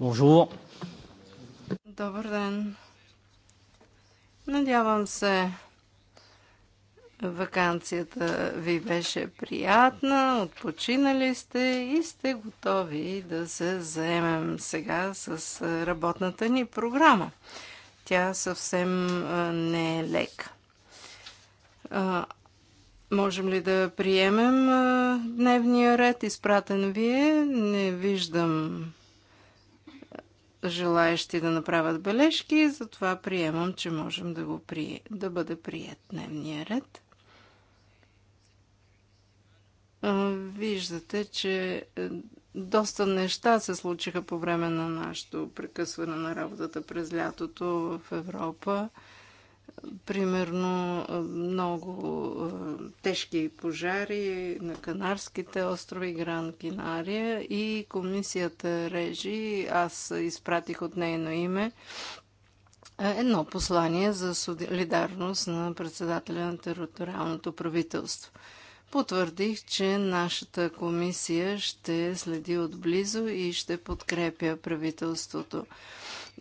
Bonjour. Добър ден. Надявам се, вакансията ви беше приятна, отпочинали сте и сте готови да се заемем сега с работната ни програма. Тя съвсем не е лека. Можем ли да приемем дневния ред, изпратен вие? Не виждам желаящи да направят бележки, затова приемам, че можем да, го при... да бъде прият дневния ред. Виждате, че доста неща се случиха по време на нашето прекъсване на работата през лятото в Европа примерно много тежки пожари на Канарските острови Гран Кинария и комисията Режи, аз изпратих от нейно име едно послание за солидарност на председателя на териториалното правителство. Потвърдих, че нашата комисия ще следи отблизо и ще подкрепя правителството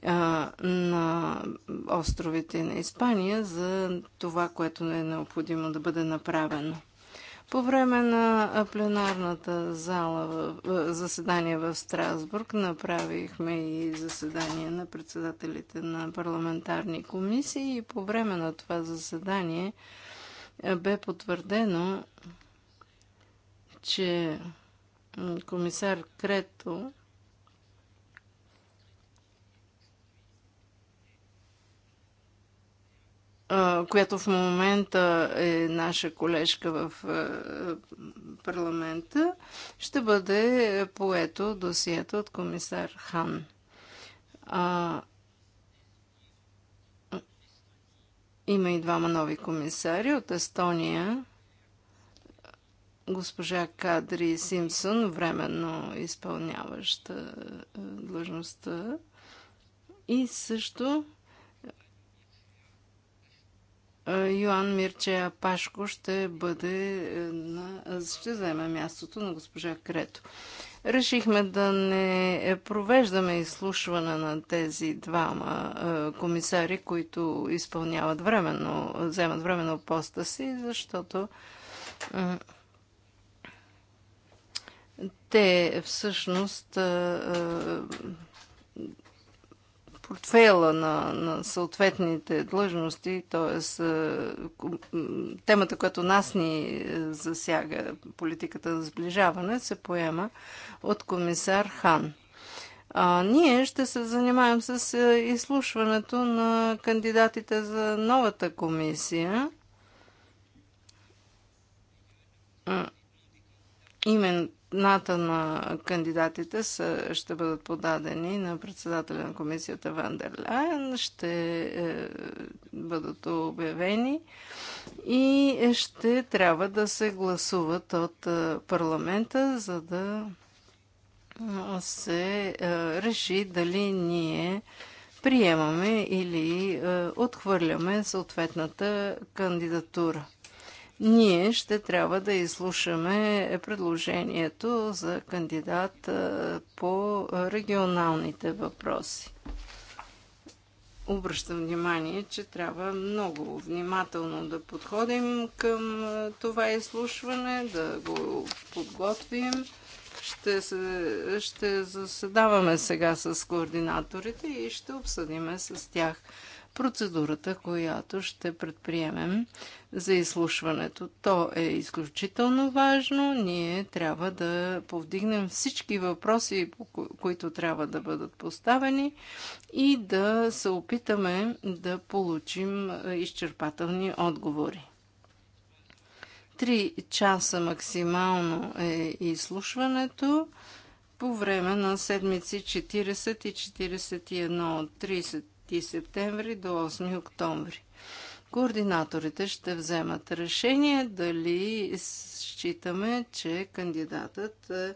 на островите на Испания за това, което не е необходимо да бъде направено. По време на пленарната зала, заседание в Страсбург направихме и заседание на председателите на парламентарни комисии и по време на това заседание бе потвърдено, че комисар Крето която в момента е наша колежка в парламента, ще бъде поето досието от комисар Хан. А, има и двама нови комисари от Естония. Госпожа Кадри Симпсон, временно изпълняваща длъжността. И също е, Йоан Мирчея Пашко ще бъде е, на, ще заеме мястото на госпожа Крето. Решихме да не провеждаме изслушване на тези двама е, комисари, които изпълняват временно, вземат временно поста си, защото те всъщност портфела на, на съответните длъжности, т.е. темата, която нас ни е, засяга, политиката за сближаване, се поема от комисар Хан. А, ние ще се занимаем с е, изслушването на кандидатите за новата комисия. Именно имената на кандидатите са, ще бъдат подадени на председателя на комисията Вандер Лайен, ще е, бъдат обявени и ще трябва да се гласуват от е, парламента, за да е, се е, реши дали ние приемаме или е, отхвърляме съответната кандидатура ние ще трябва да изслушаме предложението за кандидат по регионалните въпроси. Обръщам внимание, че трябва много внимателно да подходим към това изслушване, да го подготвим ще, се, ще заседаваме сега с координаторите и ще обсъдиме с тях процедурата, която ще предприемем за изслушването. То е изключително важно. Ние трябва да повдигнем всички въпроси, които трябва да бъдат поставени и да се опитаме да получим изчерпателни отговори. Три часа максимално е изслушването по време на седмици 40 и 41 от 30 септември до 8 октомври. Координаторите ще вземат решение дали считаме, че кандидатът е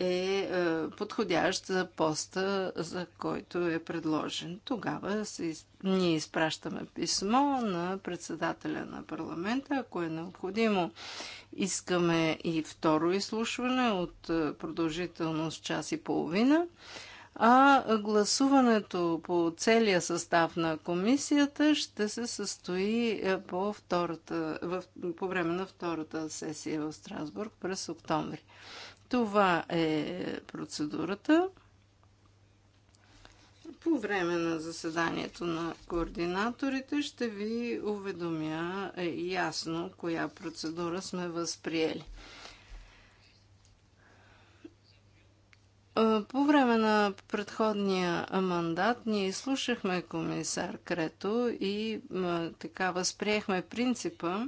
е, е подходящ за поста, за който е предложен. Тогава се, ние изпращаме писмо на председателя на парламента, ако е необходимо. Искаме и второ изслушване от е, продължителност час и половина. А гласуването по целия състав на комисията ще се състои е, по, втората, в, по време на втората сесия в Страсбург през октомври. Това е процедурата. По време на заседанието на координаторите ще ви уведомя е, ясно коя процедура сме възприели. По време на предходния мандат ние слушахме комисар Крето и така възприехме принципа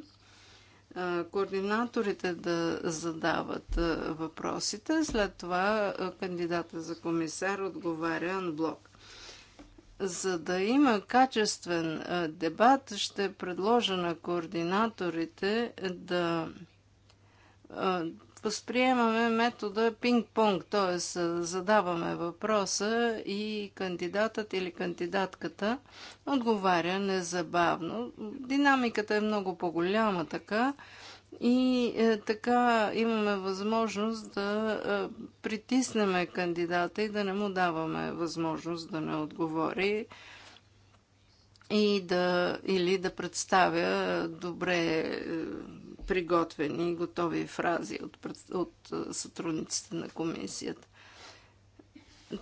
координаторите да задават въпросите. След това кандидата за комисар отговаря на блок. За да има качествен дебат, ще предложа на координаторите да възприемаме метода пинг-понг, т.е. задаваме въпроса и кандидатът или кандидатката отговаря незабавно. Динамиката е много по-голяма така и е, така имаме възможност да е, притиснеме кандидата и да не му даваме възможност да не отговори и да, или да представя добре е, приготвени готови фрази от, от е, сътрудниците на комисията.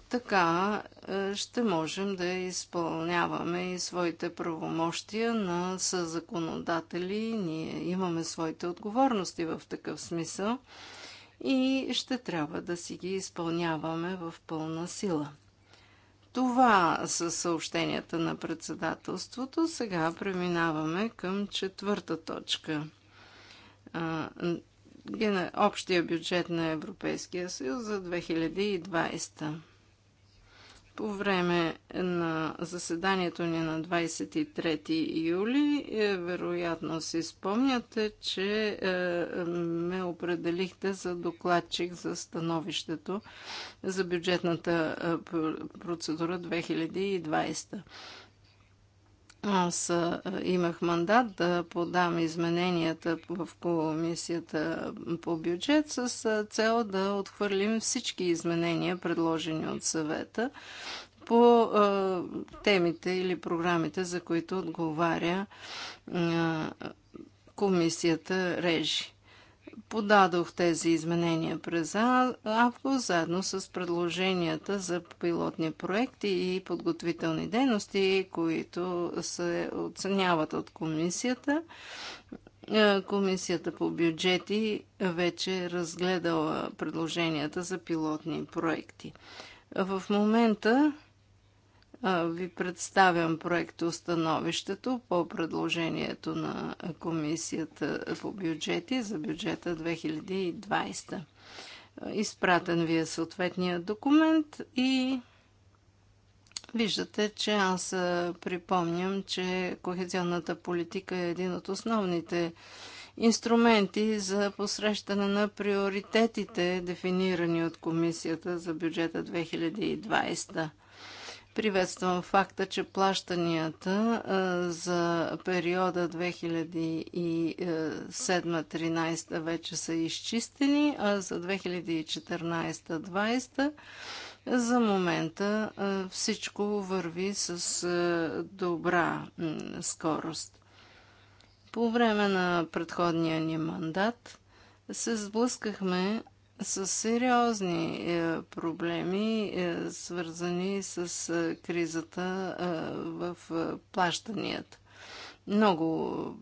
Така е, ще можем да изпълняваме и своите правомощия на съзаконодатели. Ние имаме своите отговорности в такъв смисъл и ще трябва да си ги изпълняваме в пълна сила. Това са съобщенията на председателството. Сега преминаваме към четвърта точка – общия бюджет на Европейския съюз за 2020. По време на заседанието ни на 23 юли, е, вероятно си спомняте, че е, ме определихте за докладчик за становището за бюджетната е, процедура 2020. Аз имах мандат да подам измененията в комисията по бюджет с цел да отхвърлим всички изменения, предложени от съвета по темите или програмите, за които отговаря комисията Режи подадох тези изменения през август, заедно с предложенията за пилотни проекти и подготвителни дейности, които се оценяват от комисията. Е, комисията по бюджети вече е разгледала предложенията за пилотни проекти. В момента ви представям проектостановището по предложението на Комисията по бюджети за бюджета 2020. Изпратен ви е съответния документ и виждате, че аз припомням, че кохезионната политика е един от основните инструменти за посрещане на приоритетите, дефинирани от Комисията за бюджета 2020 Приветствам факта, че плащанията за периода 2007-2013 вече са изчистени, а за 2014-2020 за момента всичко върви с добра скорост. По време на предходния ни мандат се сблъскахме с сериозни е, проблеми, е, свързани с е, кризата в плащанията. Много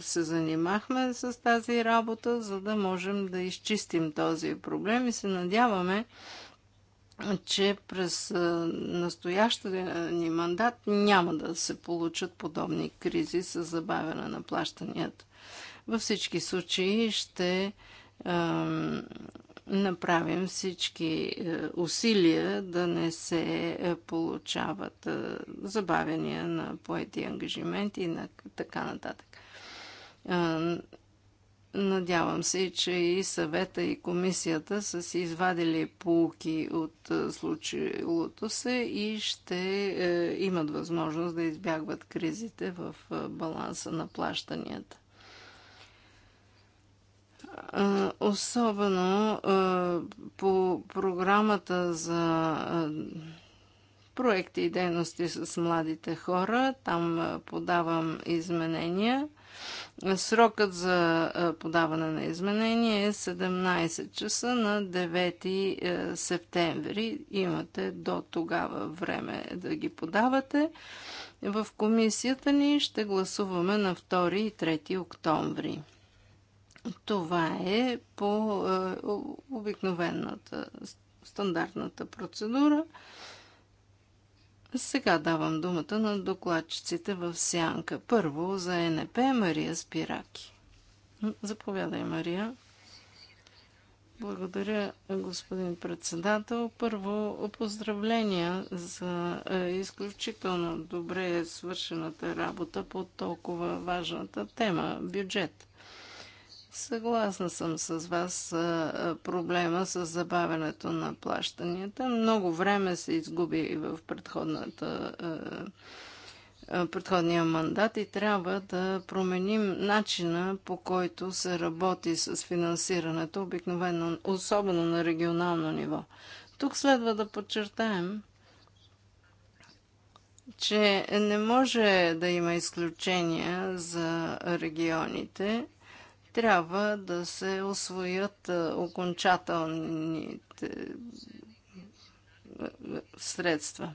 се занимахме с тази работа, за да можем да изчистим този проблем и се надяваме, че през настоящия ни мандат няма да се получат подобни кризи с забавяне на плащанията. Във всички случаи ще направим всички е, усилия да не се е, получават е, забавения на поети ангажименти и на така нататък. Надявам се, че и съвета и комисията са си извадили полуки от случилото се и ще имат възможност да избягват кризите в баланса на плащанията. Особено по програмата за проекти и дейности с младите хора. Там подавам изменения. Срокът за подаване на изменения е 17 часа на 9 е, септември. Имате до тогава време да ги подавате. В комисията ни ще гласуваме на 2 и 3 октомври. Това е по е, обикновената стандартната процедура. Сега давам думата на докладчиците в сянка. Първо за НП Мария Спираки. Заповядай, Мария. Благодаря, господин председател. Първо, поздравления за е, изключително добре свършената работа по толкова важната тема бюджет. Съгласна съм с вас проблема с забавянето на плащанията. Много време се изгуби в предходната, предходния мандат и трябва да променим начина по който се работи с финансирането, обикновено, особено на регионално ниво. Тук следва да подчертаем, че не може да има изключения за регионите – трябва да се освоят окончателните средства.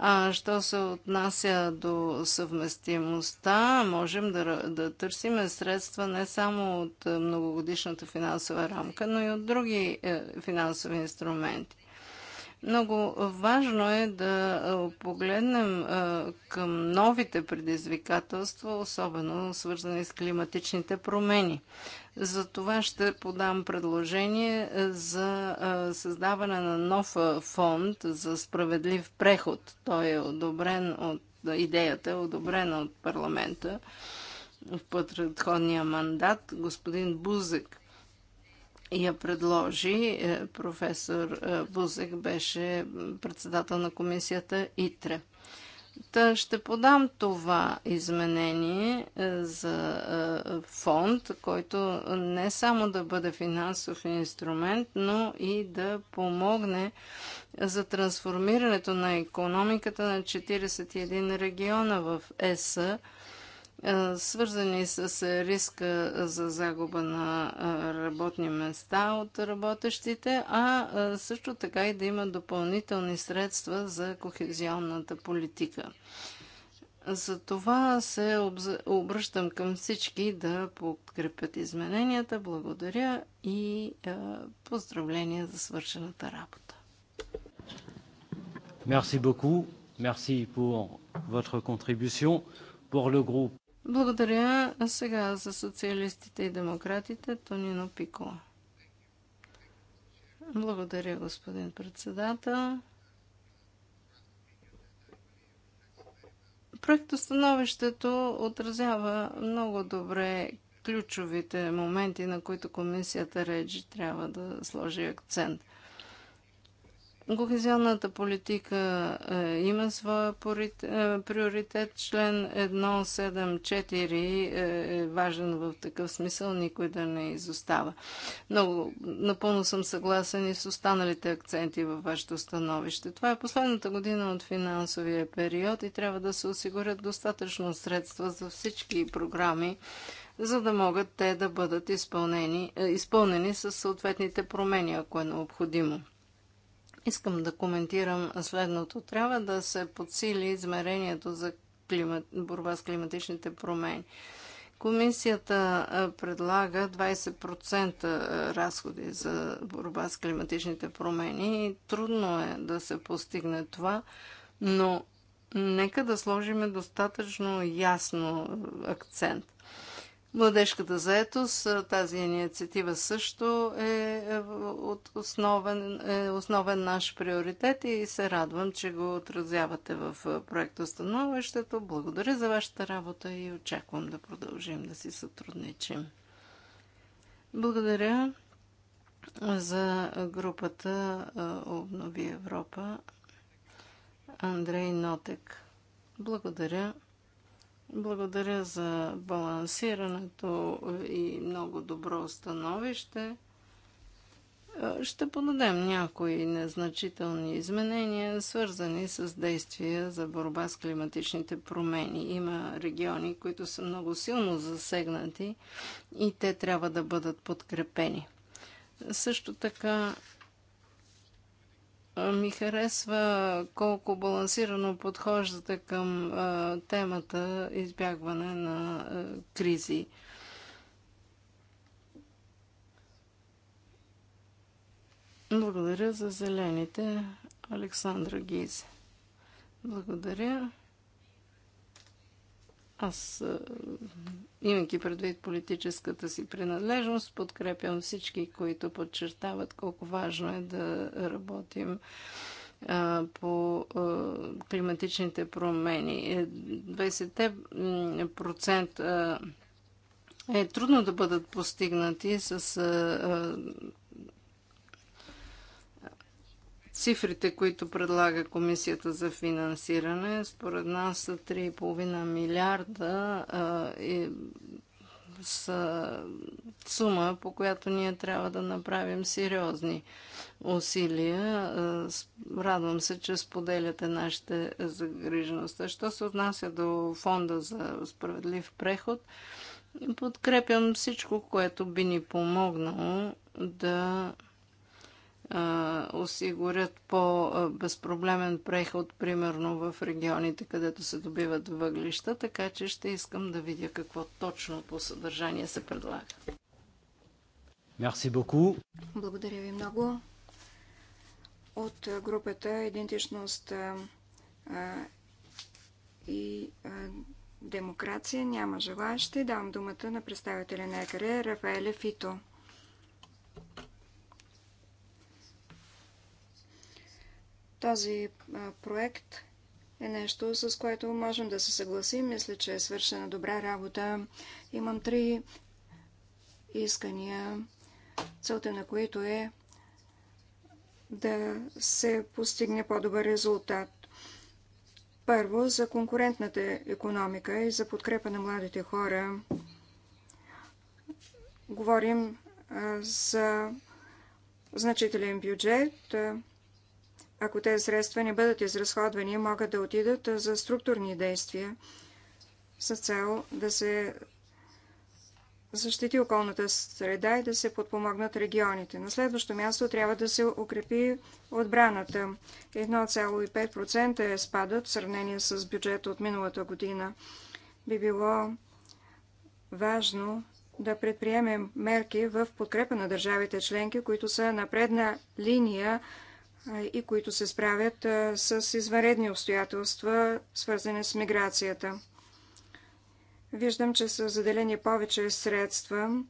А що се отнася до съвместимостта, можем да, да търсиме средства не само от многогодишната финансова рамка, но и от други е, финансови инструменти. Много важно е да погледнем към новите предизвикателства, особено свързани с климатичните промени. За това ще подам предложение за създаване на нов фонд за справедлив преход. Той е одобрен от идеята е одобрена от парламента в предходния мандат. Господин Бузек я предложи. Е, професор е, Бузек беше председател на комисията ИТРЕ. Та ще подам това изменение е, за фонд, който не само да бъде финансов инструмент, но и да помогне за трансформирането на економиката на 41 региона в ЕСА свързани с риска за загуба на работни места от работещите, а също така и да има допълнителни средства за кохезионната политика. За това се обръщам към всички да подкрепят измененията. Благодаря и поздравления за свършената работа. Merci beaucoup. Merci pour votre contribution. Pour le groupe благодаря сега за социалистите и демократите Тонино Пико. Благодаря, господин председател. Проектостановището отразява много добре ключовите моменти, на които комисията Реджи трябва да сложи акцент. Кохезионната политика е, има своя е, приоритет. Член 174 е, е важен в такъв смисъл, никой да не изостава. Много, напълно съм съгласен и с останалите акценти във вашето становище. Това е последната година от финансовия период и трябва да се осигурят достатъчно средства за всички програми, за да могат те да бъдат изпълнени, е, изпълнени с съответните промени, ако е необходимо. Искам да коментирам следното. Трябва да се подсили измерението за климат, борба с климатичните промени. Комисията предлага 20% разходи за борба с климатичните промени и трудно е да се постигне това, но нека да сложим достатъчно ясно акцент. Младежката заетост, тази инициатива също е, е от основен, е основен наш приоритет и се радвам, че го отразявате в проекта Становището. Благодаря за вашата работа и очаквам да продължим да си сътрудничим. Благодаря за групата Обнови Европа. Андрей Нотек. Благодаря. Благодаря за балансирането и много добро становище. Е, ще подадем някои незначителни изменения, свързани с действия за борба с климатичните промени. Има региони, които са много силно засегнати и те трябва да бъдат подкрепени. Също така ми харесва колко балансирано подхождате към темата избягване на кризи. Благодаря за зелените, Александра Гизе. Благодаря. Аз, е, имайки предвид политическата си принадлежност, подкрепям всички, които подчертават колко важно е да работим е, по е, климатичните промени. 20% е трудно да бъдат постигнати с Цифрите, които предлага Комисията за финансиране, според нас са 3,5 милиарда и са сума, по която ние трябва да направим сериозни усилия. Радвам се, че споделяте нашите загрижеността. Що се отнася до фонда за справедлив преход, подкрепям всичко, което би ни помогнало да осигурят по-безпроблемен преход, примерно в регионите, където се добиват въглища, така че ще искам да видя какво точно по съдържание се предлага. Мерси боку. Благодаря ви много. От групата Идентичност и демокрация няма желаящи. Давам думата на представителя на ЕКР Рафаеле Фито. Този проект е нещо, с което можем да се съгласим. Мисля, че е свършена добра работа. Имам три искания, целта на които е да се постигне по-добър резултат. Първо, за конкурентната економика и за подкрепа на младите хора. Говорим за значителен бюджет, ако тези средства не бъдат изразходвани, могат да отидат за структурни действия с цел да се защити околната среда и да се подпомогнат регионите. На следващо място трябва да се укрепи отбраната. 1,5% е спадът в сравнение с бюджета от миналата година. Би било важно да предприемем мерки в подкрепа на държавите членки, които са на предна линия и които се справят с изваредни обстоятелства, свързани с миграцията. Виждам, че са заделени повече средства,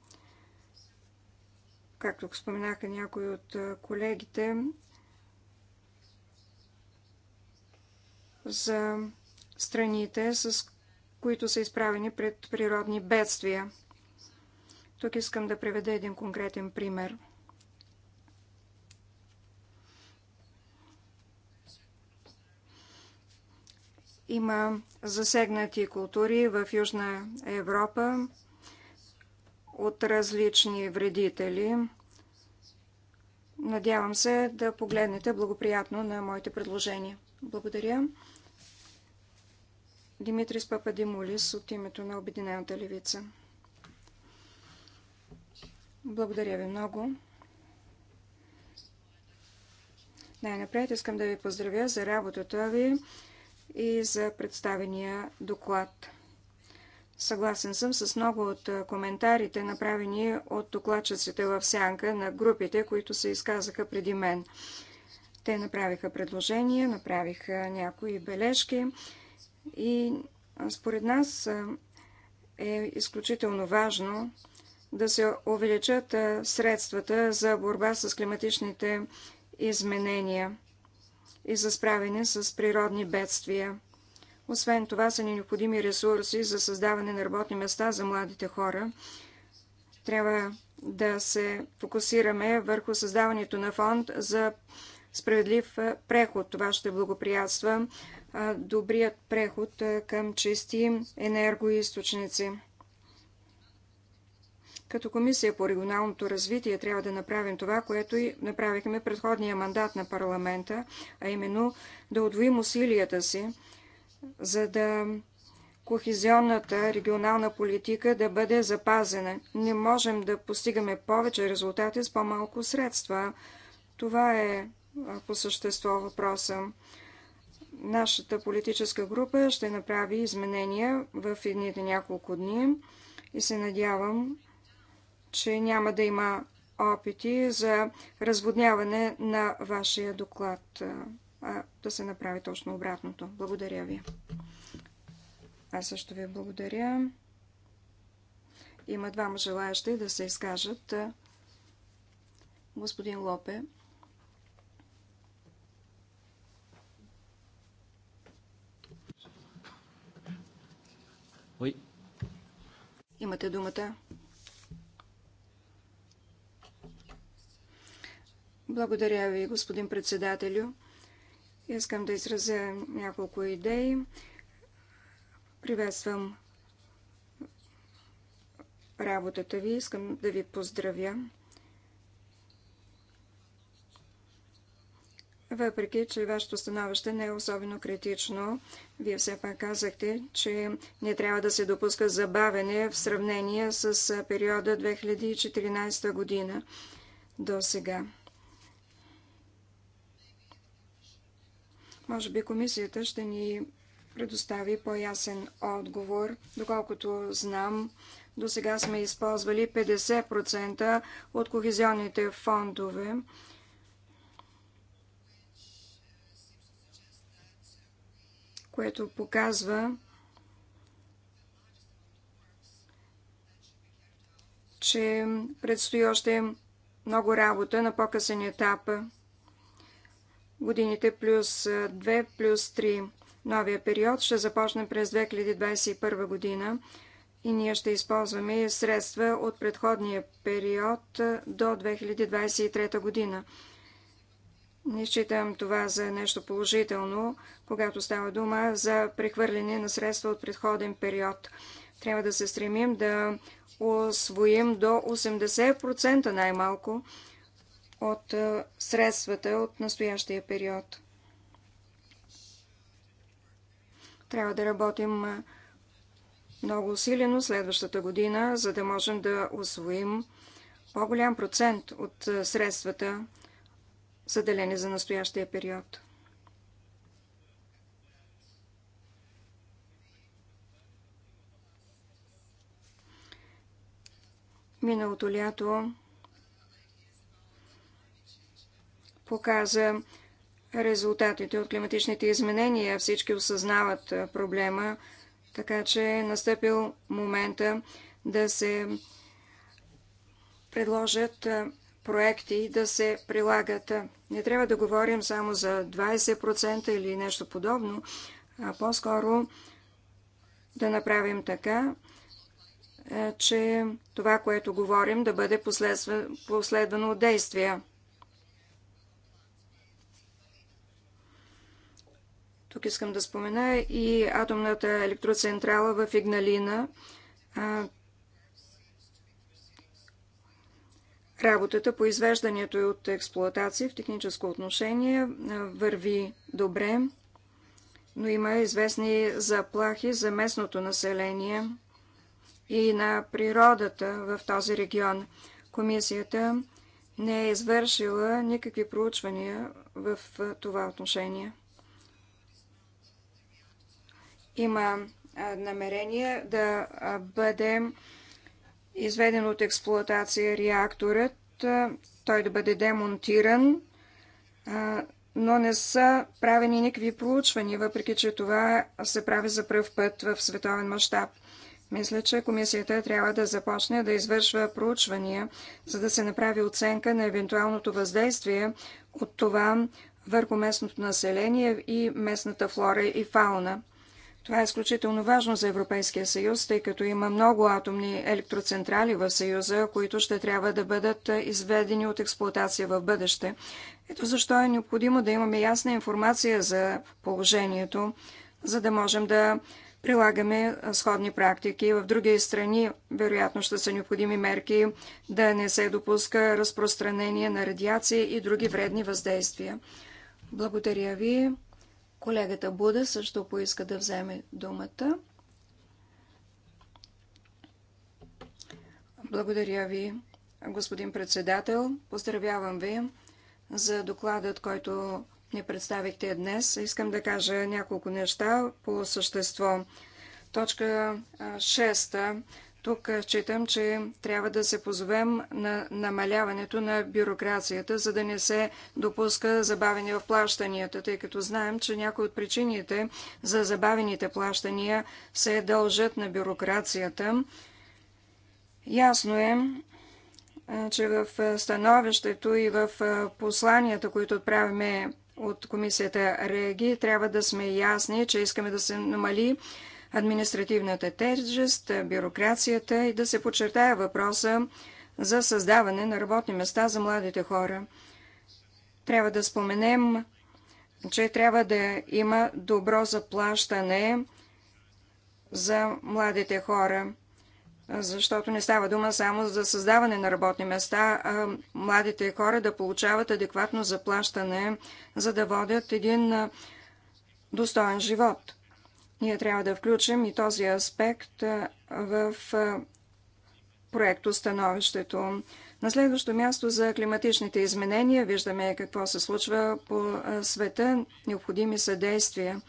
както споменаха някои от колегите, за страните, с които са изправени пред природни бедствия. Тук искам да приведа един конкретен пример – Има засегнати култури в Южна Европа от различни вредители. Надявам се да погледнете благоприятно на моите предложения. Благодаря. Димитрис Пападимулис от името на Обединената левица. Благодаря ви много. Най-напред искам да ви поздравя за работата ви и за представения доклад. Съгласен съм с много от коментарите, направени от докладчиците в сянка на групите, които се изказаха преди мен. Те направиха предложения, направиха някои бележки и според нас е изключително важно да се увеличат средствата за борба с климатичните изменения и за справяне с природни бедствия. Освен това са ни необходими ресурси за създаване на работни места за младите хора. Трябва да се фокусираме върху създаването на фонд за справедлив преход. Това ще благоприятства добрият преход към чисти енергоисточници. Като комисия по регионалното развитие трябва да направим това, което и направихме предходния мандат на парламента, а именно да удвоим усилията си, за да кохезионната регионална политика да бъде запазена. Не можем да постигаме повече резултати с по-малко средства. Това е по същество въпроса. Нашата политическа група ще направи изменения в едните няколко дни и се надявам че няма да има опити за разводняване на вашия доклад, а да се направи точно обратното. Благодаря ви. Аз също ви благодаря. Има двама желаящи да се изкажат. Господин Лопе. Имате думата. Благодаря ви, господин председателю. Искам да изразя няколко идеи. Приветствам работата ви. Искам да ви поздравя. Въпреки, че вашето становище не е особено критично, вие все пак казахте, че не трябва да се допуска забавене в сравнение с периода 2014 година до сега. Може би комисията ще ни предостави по-ясен отговор. Доколкото знам, до сега сме използвали 50% от кохезионните фондове. което показва, че предстои още много работа на по-късен етап годините плюс 2 плюс 3. Новия период ще започне през 2021 година и ние ще използваме средства от предходния период до 2023 година. Не считам това за нещо положително, когато става дума за прехвърляне на средства от предходен период. Трябва да се стремим да освоим до 80% най-малко от е, средствата от настоящия период. Трябва да работим е, много усилено следващата година, за да можем да освоим по-голям процент от е, средствата, заделени за настоящия период. Миналото лято показа резултатите от климатичните изменения. Всички осъзнават проблема, така че е настъпил момента да се предложат проекти да се прилагат. Не трябва да говорим само за 20% или нещо подобно, а по-скоро да направим така, че това, което говорим, да бъде последвано от действия. Тук искам да спомена и атомната електроцентрала в Игналина. Работата по извеждането и от експлуатация в техническо отношение върви добре, но има известни заплахи за местното население и на природата в този регион. Комисията не е извършила никакви проучвания в това отношение има намерение да бъде изведен от експлуатация реакторът, той да бъде демонтиран, но не са правени никакви проучвания, въпреки че това се прави за пръв път в световен мащаб. Мисля, че комисията трябва да започне да извършва проучвания, за да се направи оценка на евентуалното въздействие от това върху местното население и местната флора и фауна. Това е изключително важно за Европейския съюз, тъй като има много атомни електроцентрали в съюза, които ще трябва да бъдат изведени от експлоатация в бъдеще. Ето защо е необходимо да имаме ясна информация за положението, за да можем да прилагаме сходни практики. В други страни, вероятно, ще са необходими мерки да не се допуска разпространение на радиация и други вредни въздействия. Благодаря ви. Колегата Буда също поиска да вземе думата. Благодаря ви, господин председател. Поздравявам ви за докладът, който ни представихте днес. Искам да кажа няколко неща по същество. Точка 6 тук считам, че трябва да се позовем на намаляването на бюрокрацията, за да не се допуска забавене в плащанията, тъй като знаем, че някои от причините за забавените плащания се дължат на бюрокрацията. Ясно е, че в становището и в посланията, които отправяме от комисията Реги, трябва да сме ясни, че искаме да се намали административната тежест, бюрокрацията и да се подчертая въпроса за създаване на работни места за младите хора. Трябва да споменем, че трябва да има добро заплащане за младите хора, защото не става дума само за създаване на работни места, а младите хора да получават адекватно заплащане, за да водят един достоен живот. Ние трябва да включим и този аспект в проекто становището. На следващо място за климатичните изменения виждаме какво се случва по света. Необходими са действия.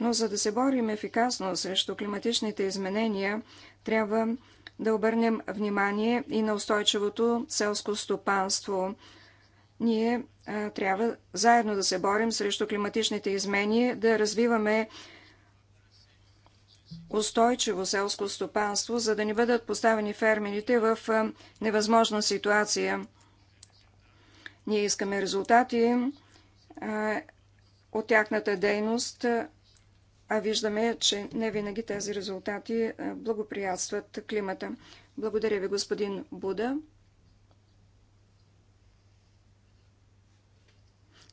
Но за да се борим ефикасно срещу климатичните изменения, трябва да обърнем внимание и на устойчивото селско стопанство – ние трябва заедно да се борим срещу климатичните измени, да развиваме устойчиво селско стопанство, за да не бъдат поставени фермерите в невъзможна ситуация. Ние искаме резултати от тяхната дейност, а виждаме, че не винаги тези резултати благоприятстват климата. Благодаря ви, господин Буда.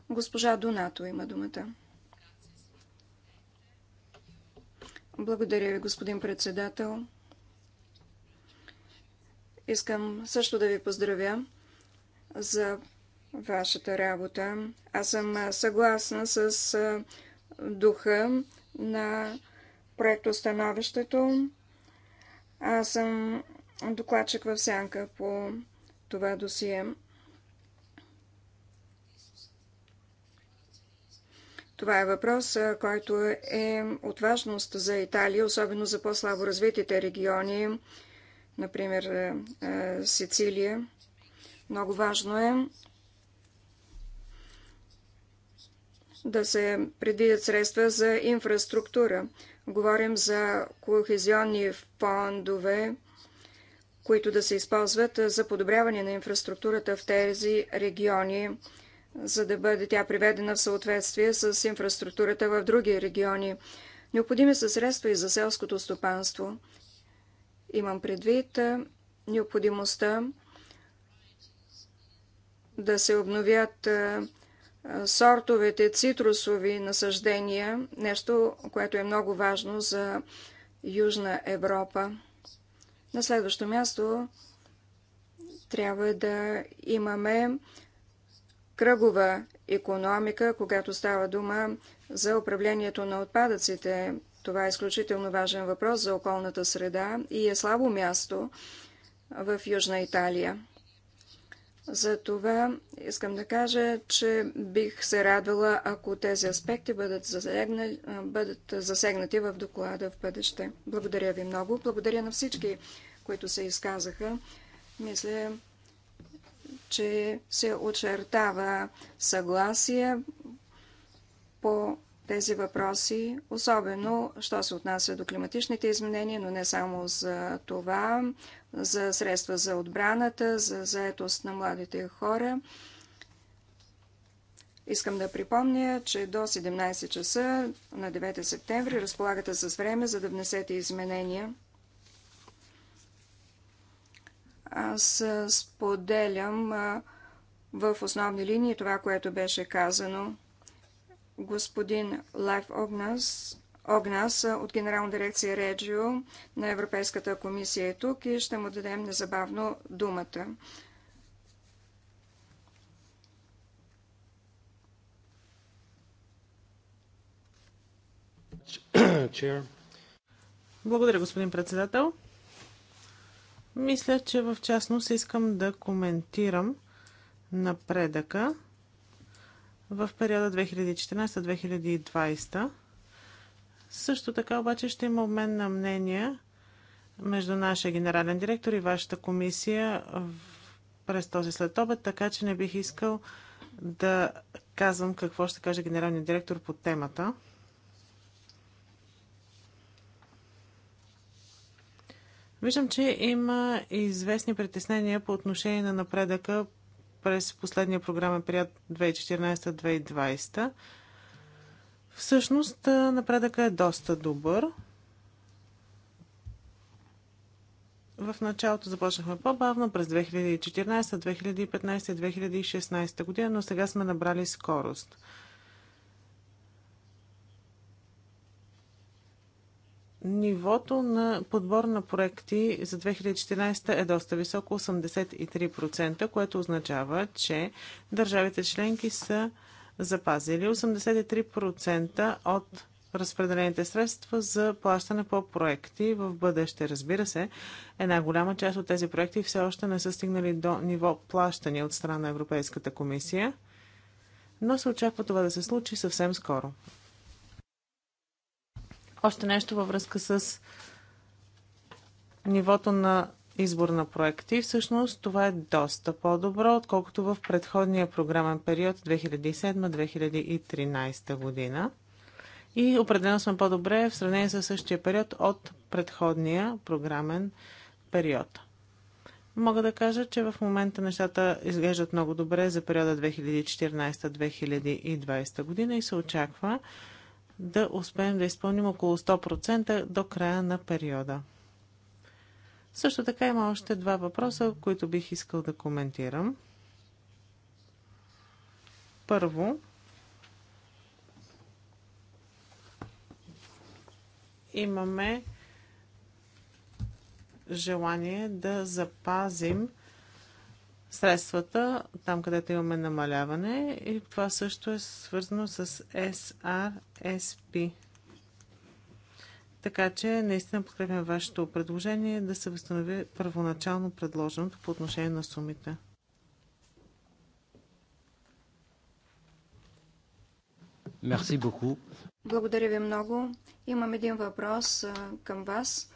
Госпожа Донато има думата. Благодаря ви, господин председател. Искам също да ви поздравя за вашата работа. Аз съм съгласна с духа на проектостановището. Аз съм докладчик в сянка по това досие. Това е въпрос, който е от важност за Италия, особено за по-слабо развитите региони, например Сицилия. Много важно е да се предвидят средства за инфраструктура. Говорим за кохезионни фондове, които да се използват за подобряване на инфраструктурата в тези региони за да бъде тя приведена в съответствие с инфраструктурата в други региони. Необходими са средства и за селското стопанство. Имам предвид необходимостта да се обновят сортовете цитрусови насъждения, нещо, което е много важно за Южна Европа. На следващо място трябва да имаме кръгова економика, когато става дума за управлението на отпадъците. Това е изключително важен въпрос за околната среда и е слабо място в Южна Италия. За това искам да кажа, че бих се радвала, ако тези аспекти бъдат, засегна... бъдат засегнати в доклада в бъдеще. Благодаря ви много. Благодаря на всички, които се изказаха. Мисля, че се очертава съгласие по тези въпроси, особено, що се отнася до климатичните изменения, но не само за това, за средства за отбраната, за заетост на младите хора. Искам да припомня, че до 17 часа на 9 септември разполагате с време, за да внесете изменения. Аз споделям в основни линии това, което беше казано. Господин Лайф Огнас, Огнас от Генерална дирекция Реджио на Европейската комисия е тук и ще му дадем незабавно думата. Благодаря, господин председател. Мисля, че в частност искам да коментирам напредъка в периода 2014-2020. Също така обаче ще има обмен на мнения между нашия генерален директор и вашата комисия през този следобед, така че не бих искал да казвам какво ще каже генералният директор по темата. Виждам, че има известни притеснения по отношение на напредъка през последния програмен период 2014-2020. Всъщност напредъка е доста добър. В началото започнахме по-бавно през 2014, 2015, 2016 година, но сега сме набрали скорост. Нивото на подбор на проекти за 2014 е доста високо 83%, което означава, че държавите членки са запазили 83% от разпределените средства за плащане по проекти в бъдеще. Разбира се, една голяма част от тези проекти все още не са стигнали до ниво плащане от страна на Европейската комисия, но се очаква това да се случи съвсем скоро. Още нещо във връзка с нивото на избор на проекти. Всъщност това е доста по-добро, отколкото в предходния програмен период 2007-2013 година. И определено сме по-добре в сравнение с същия период от предходния програмен период. Мога да кажа, че в момента нещата изглеждат много добре за периода 2014-2020 година и се очаква да успеем да изпълним около 100% до края на периода. Също така има още два въпроса, които бих искал да коментирам. Първо, имаме желание да запазим средствата, там където имаме намаляване и това също е свързано с SRSP. Така че наистина подкрепям вашето предложение да се възстанови първоначално предложеното по отношение на сумите. Благодаря ви много. Имам един въпрос към вас.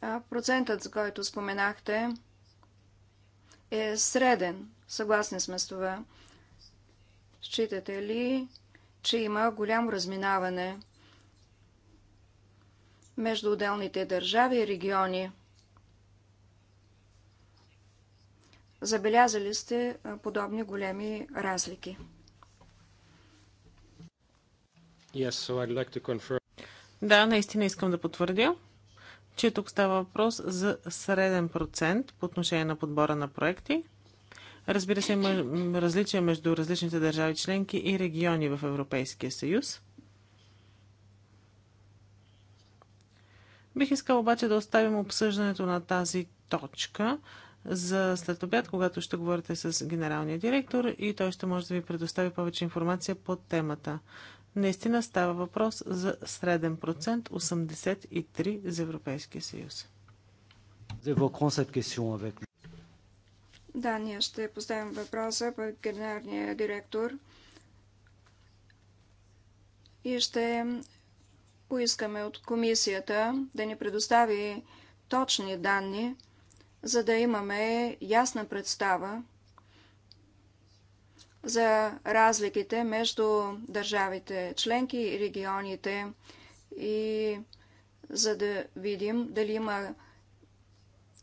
Процентът, за който споменахте, е среден. Съгласни сме с това. Считате ли, че има голямо разминаване между отделните държави и региони? Забелязали сте подобни големи разлики? Yes, so like confirm... Да, наистина искам да потвърдя че тук става въпрос за среден процент по отношение на подбора на проекти. Разбира се, има различия между различните държави членки и региони в Европейския съюз. Бих искал обаче да оставим обсъждането на тази точка за след обяд, когато ще говорите с генералния директор и той ще може да ви предостави повече информация по темата. Наистина става въпрос за среден процент 83 за Европейския съюз. Да, ние ще поставим въпроса пред генералния директор и ще поискаме от комисията да ни предостави точни данни, за да имаме ясна представа за разликите между държавите членки и регионите и за да видим дали има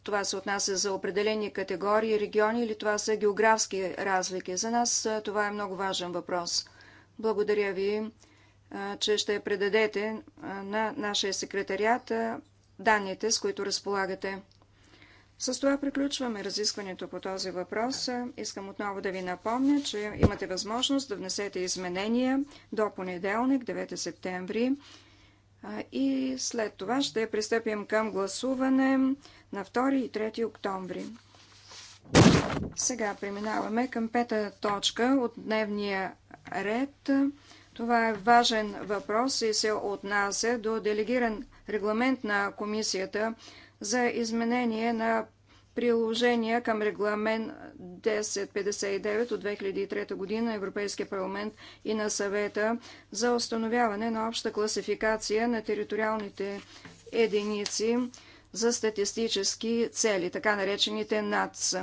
това се отнася за определени категории, региони или това са географски разлики. За нас това е много важен въпрос. Благодаря ви, че ще предадете на нашия секретарият данните, с които разполагате. С това приключваме разискването по този въпрос. Искам отново да ви напомня, че имате възможност да внесете изменения до понеделник, 9 септември. И след това ще пристъпим към гласуване на 2 и 3 октомври. Сега преминаваме към пета точка от дневния ред. Това е важен въпрос и се отнася до делегиран регламент на комисията за изменение на приложения към регламент 1059 от 2003 година Европейския парламент и на съвета за установяване на обща класификация на териториалните единици за статистически цели, така наречените НАЦ.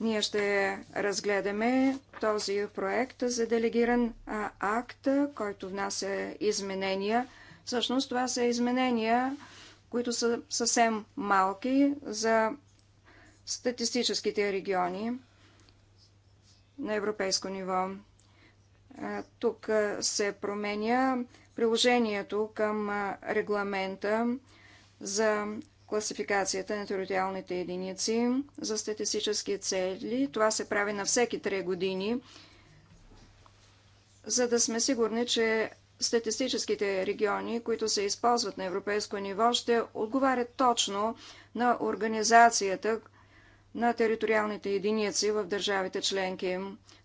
Ние ще разгледаме този проект за делегиран акт, който внася изменения. Всъщност това са изменения които са съвсем малки за статистическите региони на европейско ниво. Тук се променя приложението към регламента за класификацията на териториалните единици за статистически цели. Това се прави на всеки 3 години, за да сме сигурни, че статистическите региони, които се използват на европейско ниво, ще отговарят точно на организацията на териториалните единици в държавите членки.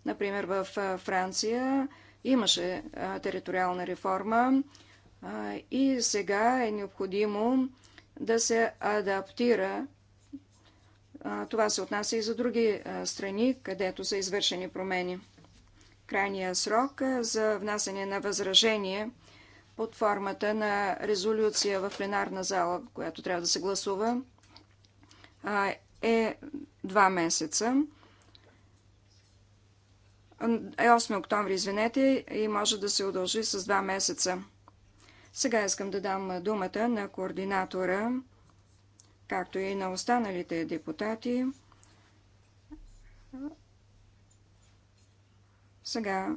Например, в Франция имаше териториална реформа и сега е необходимо да се адаптира. Това се отнася и за други страни, където са извършени промени крайния срок за внасяне на възражение под формата на резолюция в пленарна зала, която трябва да се гласува, е два месеца. 8 е, октомври, извинете, и може да се удължи с два месеца. Сега искам да дам думата на координатора, както и на останалите депутати сега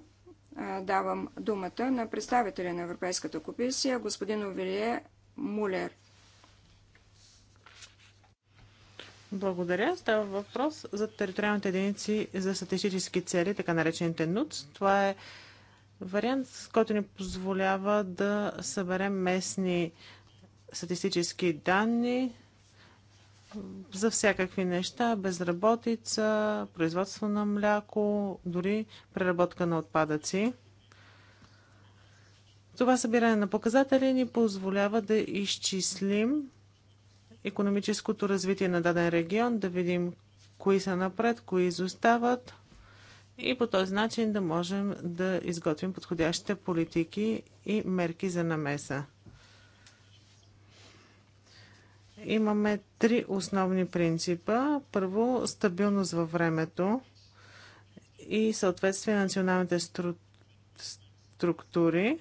давам думата на представителя на Европейската комисия, господин Овелие Мулер. Благодаря. Става въпрос за териториалните единици за статистически цели, така наречените НУЦ. Това е вариант, с който ни позволява да съберем местни статистически данни за всякакви неща, безработица, производство на мляко, дори преработка на отпадъци. Това събиране на показатели ни позволява да изчислим економическото развитие на даден регион, да видим кои са напред, кои изостават и по този начин да можем да изготвим подходящите политики и мерки за намеса. Имаме три основни принципа. Първо, стабилност във времето и съответствие на националните стру... структури.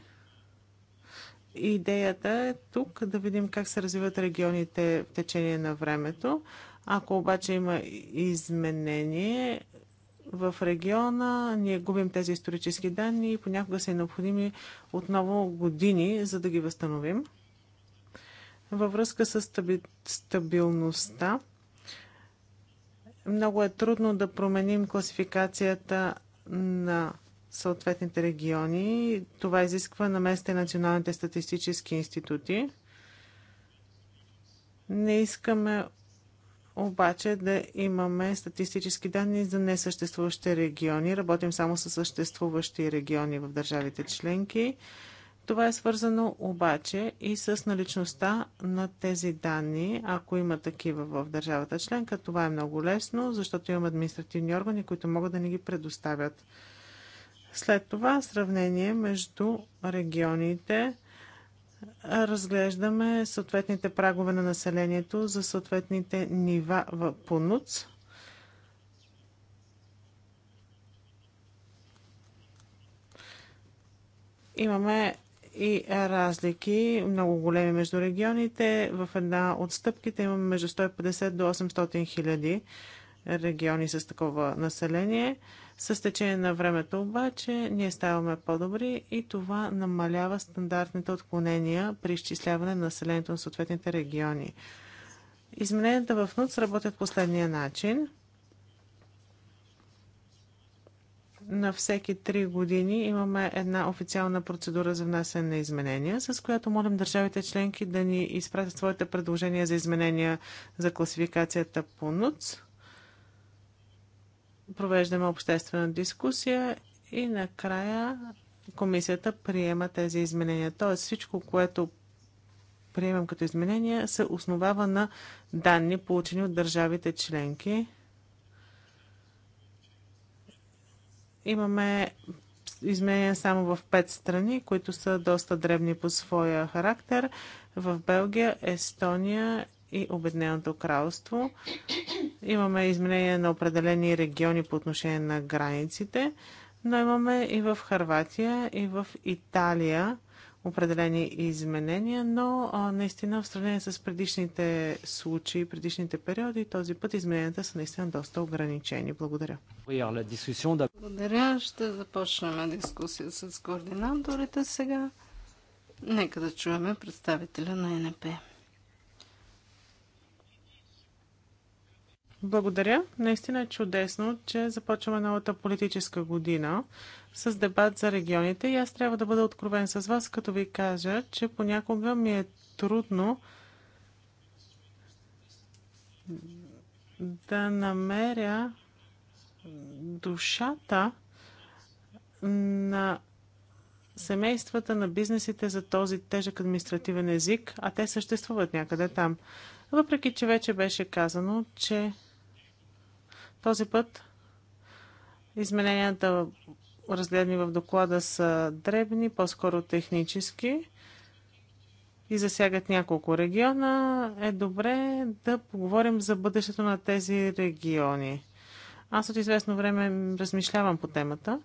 Идеята е тук да видим как се развиват регионите в течение на времето. Ако обаче има изменение в региона, ние губим тези исторически данни и понякога са необходими отново години, за да ги възстановим във връзка с стабилността. Много е трудно да променим класификацията на съответните региони. Това изисква на и националните статистически институти. Не искаме обаче да имаме статистически данни за несъществуващи региони. Работим само с съществуващи региони в държавите членки. Това е свързано обаче и с наличността на тези данни, ако има такива в държавата членка. Това е много лесно, защото имаме административни органи, които могат да ни ги предоставят. След това сравнение между регионите разглеждаме съответните прагове на населението за съответните нива в Пунуц. Имаме и разлики много големи между регионите. В една от стъпките имаме между 150 до 800 хиляди региони с такова население. С течение на времето обаче ние ставаме по-добри и това намалява стандартните отклонения при изчисляване на населението на съответните региони. Измененията в НУЦ работят последния начин – на всеки три години имаме една официална процедура за внасяне на изменения, с която молим държавите членки да ни изпратят своите предложения за изменения за класификацията по НУЦ. Провеждаме обществена дискусия и накрая комисията приема тези изменения. Тоест всичко, което приемам като изменения, се основава на данни, получени от държавите членки. Имаме изменения само в пет страни, които са доста древни по своя характер. В Белгия, Естония и Обединеното кралство. Имаме изменения на определени региони по отношение на границите, но имаме и в Харватия, и в Италия определени изменения, но а, наистина в сравнение с предишните случаи, предишните периоди, този път измененията са наистина доста ограничени. Благодаря. Благодаря. Ще започнем дискусия с координаторите сега. Нека да чуваме представителя на НП. Благодаря. Наистина е чудесно, че започваме новата политическа година с дебат за регионите и аз трябва да бъда откровен с вас, като ви кажа, че понякога ми е трудно да намеря душата на семействата, на бизнесите за този тежък административен език, а те съществуват някъде там. Въпреки, че вече беше казано, че този път измененията, разгледани в доклада, са дребни, по-скоро технически и засягат няколко региона. Е добре да поговорим за бъдещето на тези региони. Аз от известно време размишлявам по темата.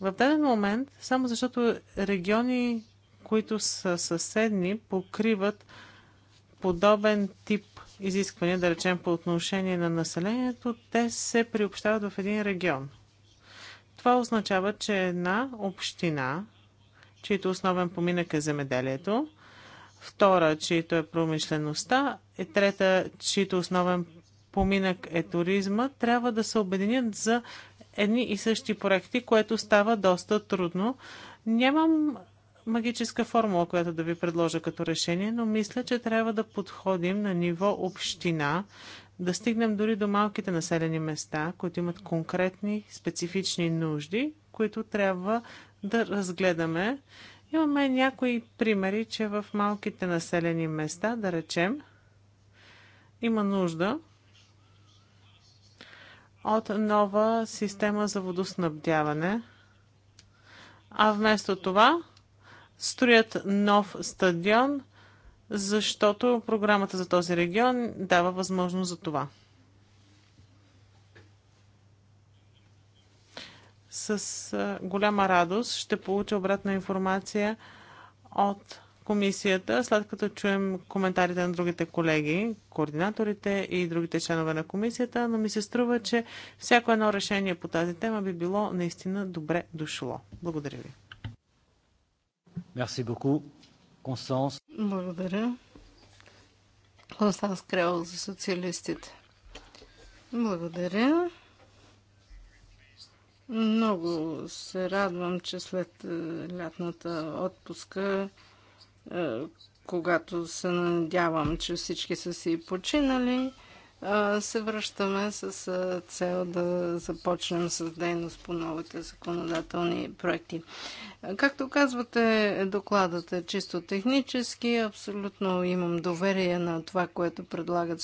В даден момент, само защото региони, които са съседни, покриват подобен тип изисквания, да речем по отношение на населението, те се приобщават в един регион. Това означава, че една община, чието основен поминък е земеделието, втора, чието е промишлеността, и трета, чието основен поминък е туризма, трябва да се обединят за едни и същи проекти, което става доста трудно. Нямам магическа формула, която да ви предложа като решение, но мисля, че трябва да подходим на ниво община, да стигнем дори до малките населени места, които имат конкретни, специфични нужди, които трябва да разгледаме. Имаме някои примери, че в малките населени места, да речем, има нужда от нова система за водоснабдяване, а вместо това строят нов стадион, защото програмата за този регион дава възможност за това. С голяма радост ще получа обратна информация от комисията, след като чуем коментарите на другите колеги, координаторите и другите членове на комисията, но ми се струва, че всяко едно решение по тази тема би било наистина добре дошло. Благодаря ви. Merci beaucoup. Constance. Благодаря. Констанс Крел за социалистите. Благодаря. Много се радвам, че след е, лятната отпуска, е, когато се надявам, че всички са си починали, се връщаме с цел да започнем с дейност по новите законодателни проекти. Както казвате, докладът е чисто технически. Абсолютно имам доверие на това, което предлагат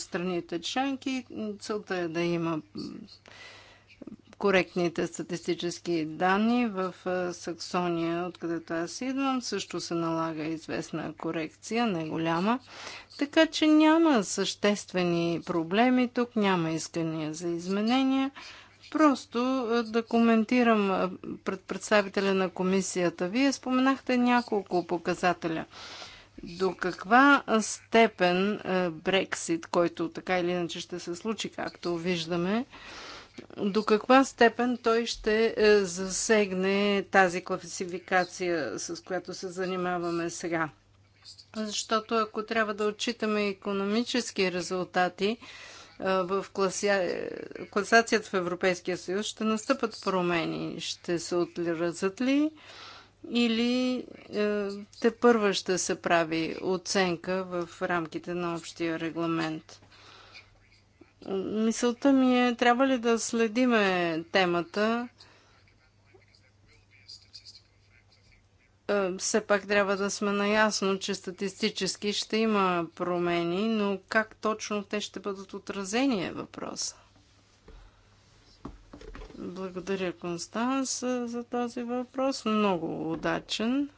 страните членки. Целта е да има коректните статистически данни в Саксония, откъдето аз идвам, също се налага известна корекция, не голяма. Така че няма съществени проблеми тук, няма искания за изменения. Просто да коментирам пред представителя на комисията. Вие споменахте няколко показателя. До каква степен Брексит, който така или иначе ще се случи, както виждаме, до каква степен той ще е, засегне тази класификация, с която се занимаваме сега. Защото ако трябва да отчитаме економически резултати е, в класи... класацията в Европейския съюз, ще настъпат промени. Ще се отлязат ли или е, те първа ще се прави оценка в рамките на общия регламент? Мисълта ми е, трябва ли да следиме темата? Е, все пак трябва да сме наясно, че статистически ще има промени, но как точно те ще бъдат отразени е въпроса. Благодаря, Констанс, за този въпрос. Много удачен.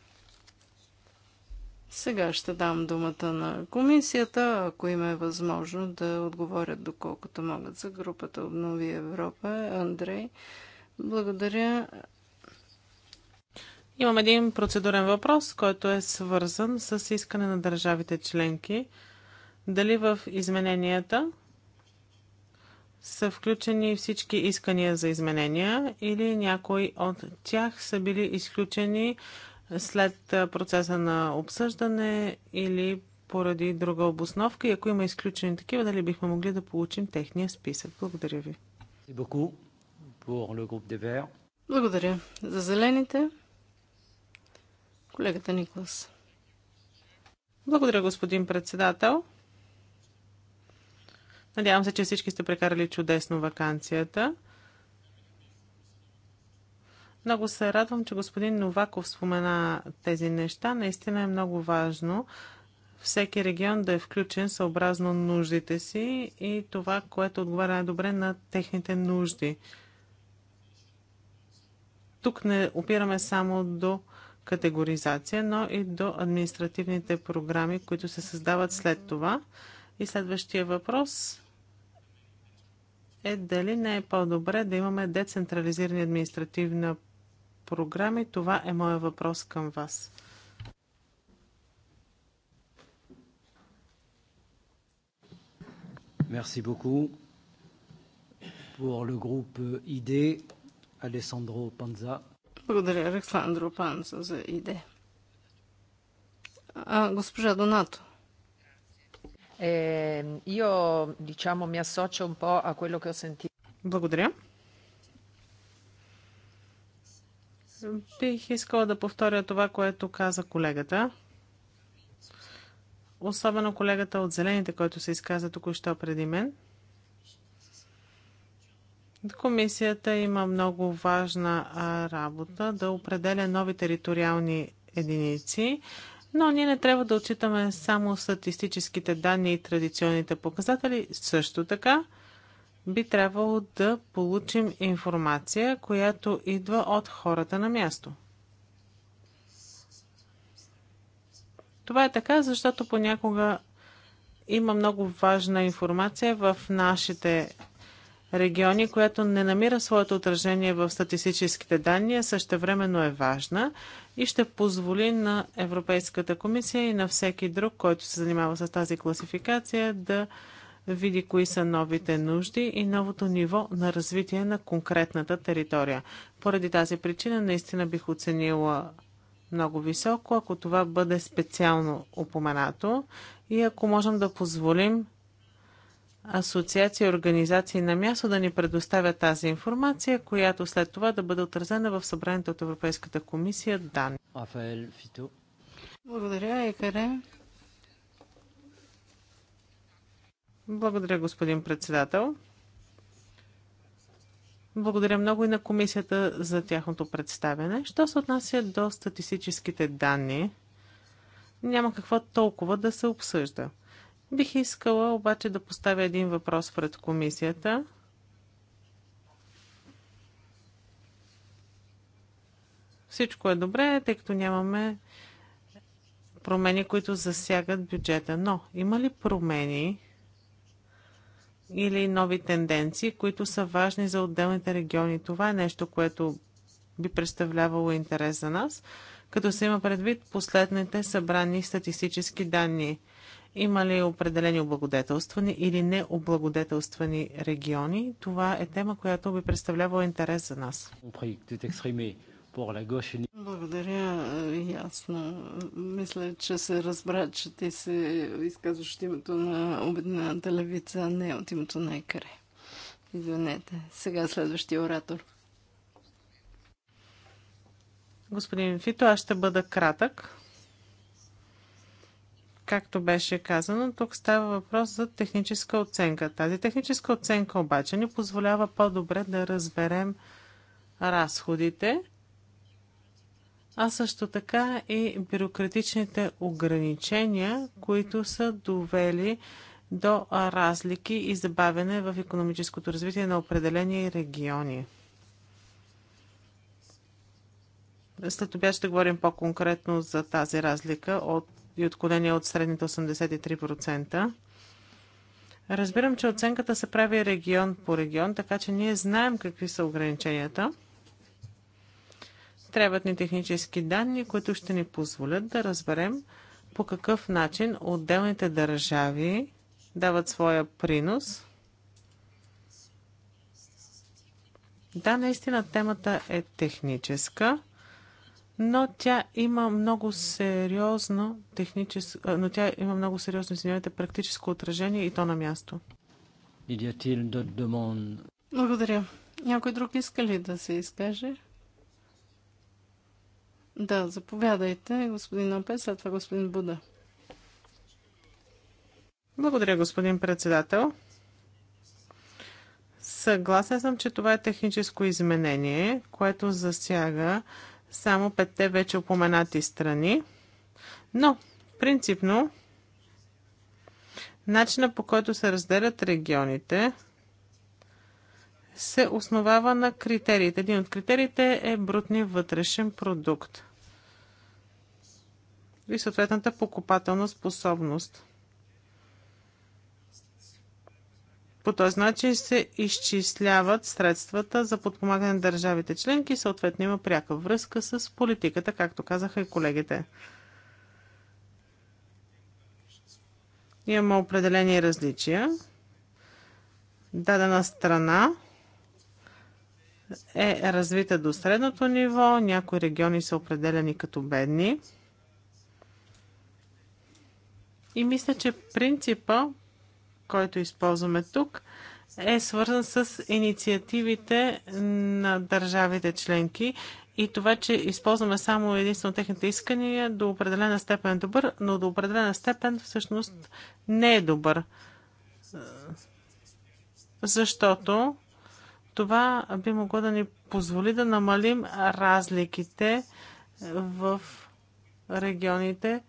Сега ще дам думата на комисията, ако има е възможно да отговорят доколкото могат за групата Обнови Европа. Андрей, благодаря. Имам един процедурен въпрос, който е свързан с искане на държавите членки. Дали в измененията са включени всички искания за изменения или някои от тях са били изключени след процеса на обсъждане или поради друга обосновка и ако има изключени такива, дали бихме могли да получим техния списък. Благодаря ви. Благодаря. За зелените, колегата Николас. Благодаря, господин председател. Надявам се, че всички сте прекарали чудесно вакансията. Много се радвам, че господин Новаков спомена тези неща. Наистина е много важно всеки регион да е включен съобразно нуждите си и това, което отговаря най-добре на техните нужди. Тук не опираме само до категоризация, но и до административните програми, които се създават след това. И следващия въпрос е дали не е по-добре да имаме децентрализирани административна програми? Това е моят въпрос към вас. Merci beaucoup. Pour le groupe ID, Alessandro Panza. Благодаря, Александро Панза, за ID. А, госпожа Донато. Eh, io diciamo mi associo un po' a quello che ho sentito. Благодаря. бих искала да повторя това, което каза колегата. Особено колегата от Зелените, който се изказа току-що преди мен. Комисията има много важна работа да определя нови териториални единици, но ние не трябва да отчитаме само статистическите данни и традиционните показатели. Също така, би трябвало да получим информация, която идва от хората на място. Това е така, защото понякога има много важна информация в нашите региони, която не намира своето отражение в статистическите данни, а времено е важна и ще позволи на Европейската комисия и на всеки друг, който се занимава с тази класификация, да да види кои са новите нужди и новото ниво на развитие на конкретната територия. Поради тази причина наистина бих оценила много високо, ако това бъде специално упоменато и ако можем да позволим асоциации и организации на място да ни предоставят тази информация, която след това да бъде отразена в събраните от Европейската комисия данни. Благодаря, Екаре. Благодаря, господин председател. Благодаря много и на комисията за тяхното представяне. Що се отнася до статистическите данни, няма какво толкова да се обсъжда. Бих искала обаче да поставя един въпрос пред комисията. Всичко е добре, тъй като нямаме промени, които засягат бюджета. Но има ли промени, или нови тенденции, които са важни за отделните региони. Това е нещо, което би представлявало интерес за нас, като се има предвид последните събрани статистически данни. Има ли определени облагодетелствани или необлагодетелствани региони? Това е тема, която би представлявала интерес за нас. Благодаря, е, ясно. Мисля, че се разбра, че ти се изказваш от името на Обединената левица, а не от името на Екаре. Извинете. Сега следващия оратор. Господин Фито, аз ще бъда кратък. Както беше казано, тук става въпрос за техническа оценка. Тази техническа оценка обаче ни позволява по-добре да разберем разходите – а също така и бюрократичните ограничения, които са довели до разлики и забавяне в економическото развитие на определени региони. След обяд ще говорим по-конкретно за тази разлика от, и отклонение от средните 83%. Разбирам, че оценката се прави регион по регион, така че ние знаем какви са ограниченията – Трябват ни технически данни, които ще ни позволят да разберем по какъв начин отделните държави дават своя принос. Да, наистина темата е техническа, но тя има много сериозно техническо, но тя има много сериозно, извинявайте, практическо отражение и то на място. Благодаря. Някой друг иска ли да се изкаже? Да, заповядайте, господин Опет, след това господин Буда. Благодаря, господин председател. Съгласен съм, че това е техническо изменение, което засяга само петте вече упоменати страни. Но, принципно, начина по който се разделят регионите се основава на критериите. Един от критериите е брутния вътрешен продукт и съответната покупателна способност. По този начин се изчисляват средствата за подпомагане на държавите членки, съответно има пряка връзка с политиката, както казаха и колегите. Има определени различия. Дадена страна е развита до средното ниво, някои региони са определени като бедни. И мисля, че принципа, който използваме тук, е свързан с инициативите на държавите членки и това, че използваме само единствено техните искания, до определена степен е добър, но до определена степен всъщност не е добър. Защото това би могло да ни позволи да намалим разликите в регионите,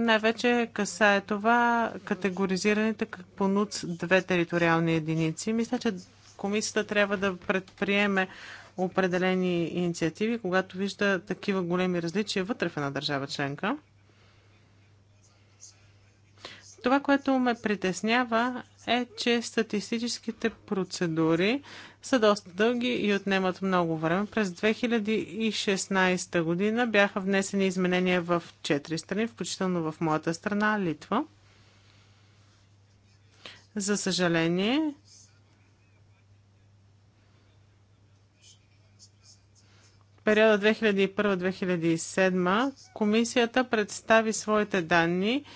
Най-вече касае това категоризираните по НУЦ две териториални единици. Мисля, че комисията трябва да предприеме определени инициативи, когато вижда такива големи различия вътре в една държава членка. Това, което ме притеснява е, че статистическите процедури са доста дълги и отнемат много време. През 2016 година бяха внесени изменения в четири страни, включително в моята страна, Литва. За съжаление, периода 2001-2007 комисията представи своите данни –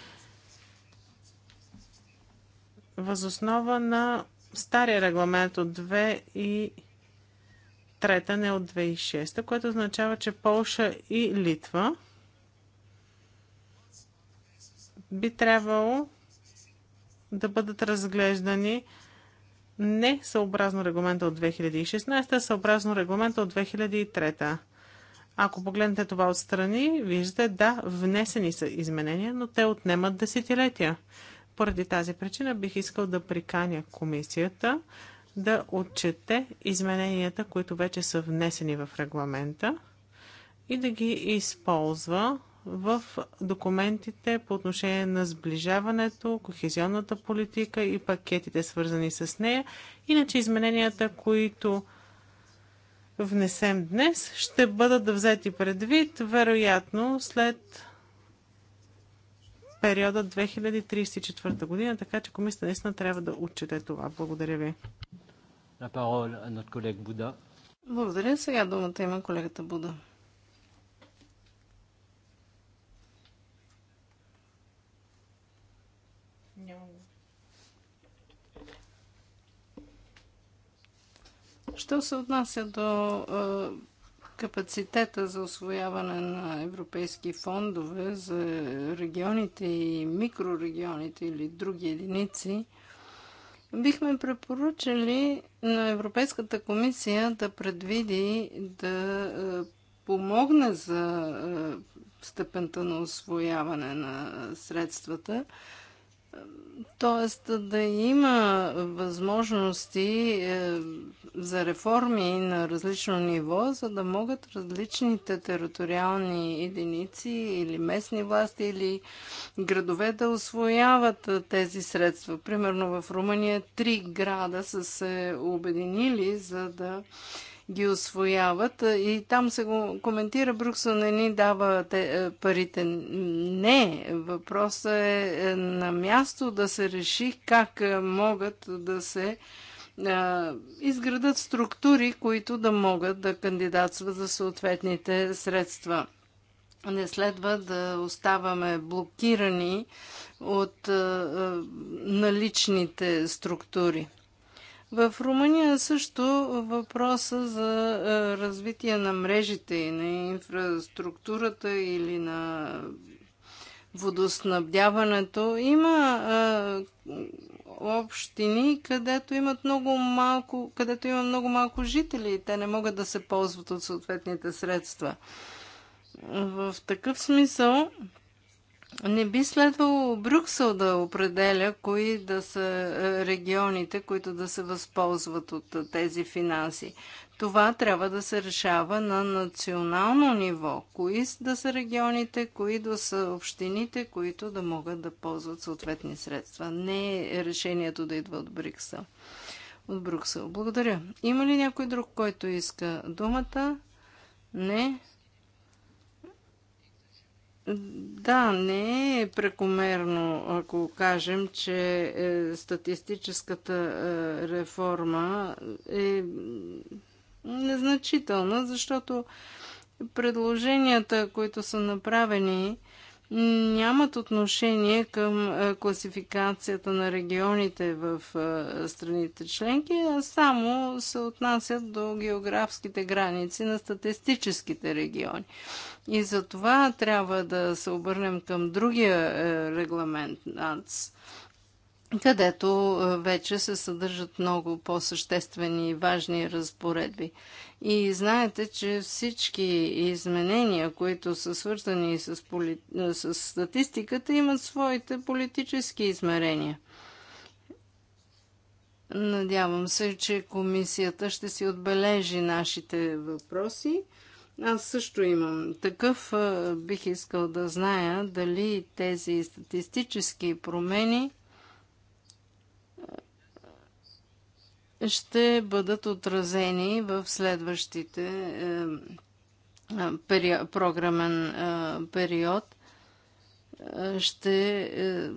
възоснова на стария регламент от 2 и трета, не от 2006, което означава, че Полша и Литва би трябвало да бъдат разглеждани не съобразно регламента от 2016, а съобразно регламента от 2003. Ако погледнете това отстрани, виждате, да, внесени са изменения, но те отнемат десетилетия. Поради тази причина бих искал да приканя комисията да отчете измененията, които вече са внесени в регламента и да ги използва в документите по отношение на сближаването, кохезионната политика и пакетите свързани с нея. Иначе измененията, които внесем днес, ще бъдат да взети предвид, вероятно след периода 2034 година, така че комисията наистина трябва да отчете това. Благодаря ви. La parole à Буда. Благодаря. Сега думата има колегата Буда. Що се отнася до е, капацитета за освояване на европейски фондове за регионите и микрорегионите или други единици, бихме препоръчали на Европейската комисия да предвиди да е, помогне за е, степента на освояване на средствата, Тоест да има възможности е, за реформи на различно ниво, за да могат различните териториални единици или местни власти или градове да освояват е, тези средства. Примерно в Румъния три града са се обединили, за да ги освояват. И там се го коментира, Брюксел не ни дава те, е, парите. Не, въпросът е, е на място да се реши как е, могат да се изградат структури, които да могат да кандидатстват за съответните средства. Не следва да оставаме блокирани от наличните структури. В Румъния също въпроса за е, развитие на мрежите и на инфраструктурата или на водоснабдяването има е, общини, където имат много малко, където има много малко жители и те не могат да се ползват от съответните средства. В такъв смисъл не би следвало Брюксел да определя кои да са е, регионите, които да се възползват от е, тези финанси. Това трябва да се решава на национално ниво. Кои да са регионите, кои да са общините, които да могат да ползват съответни средства. Не е решението да идва от Брюксел. От Брюксел. Благодаря. Има ли някой друг, който иска думата? Не. Да, не е прекомерно, ако кажем, че е, статистическата е, реформа е незначителна, защото предложенията, които са направени, нямат отношение към е, класификацията на регионите в страните членки, а само се отнасят до географските граници на статистическите региони. И за това трябва да се обърнем към другия е, регламент НАЦ, където е, вече се съдържат много по-съществени и важни разпоредби. И знаете, че всички изменения, които са свързани с, поли... Е, с статистиката, имат своите политически измерения. Надявам се, че комисията ще си отбележи нашите въпроси аз също имам такъв. Бих искал да зная дали тези статистически промени ще бъдат отразени в следващите е, програмен период. Ще е,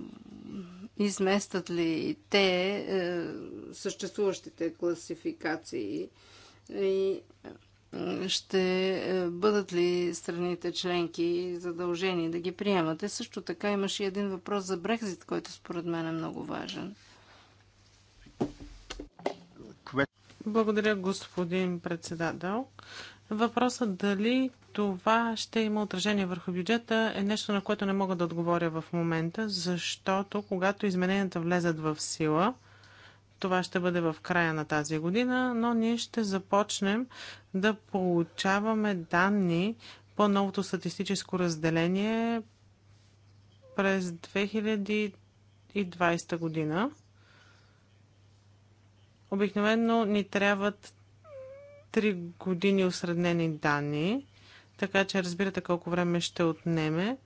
изместят ли те е, съществуващите класификации и ще е, бъдат ли страните членки задължени да ги приемате? Също така имаше един въпрос за Брекзит, който според мен е много важен. Благодаря, господин председател. Въпросът дали това ще има отражение върху бюджета е нещо, на което не мога да отговоря в момента, защото когато измененията влезат в сила, това ще бъде в края на тази година, но ние ще започнем да получаваме данни по новото статистическо разделение през 2020 година. Обикновено ни трябват 3 години осреднени данни, така че разбирате колко време ще отнеме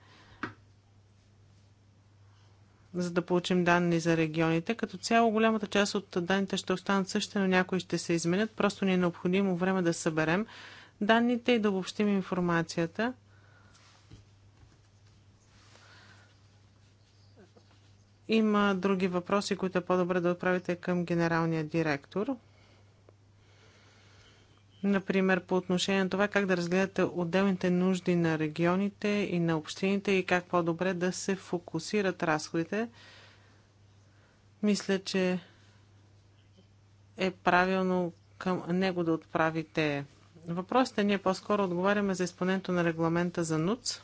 за да получим данни за регионите. Като цяло голямата част от данните ще останат същите, но някои ще се изменят. Просто ни е необходимо време да съберем данните и да обобщим информацията. Има други въпроси, които е по-добре да отправите към генералния директор. Например, по отношение на това как да разгледате отделните нужди на регионите и на общините и как по-добре да се фокусират разходите. Мисля, че е правилно към него да отправите въпросите. Ние по-скоро отговаряме за изпълнението на регламента за НУЦ.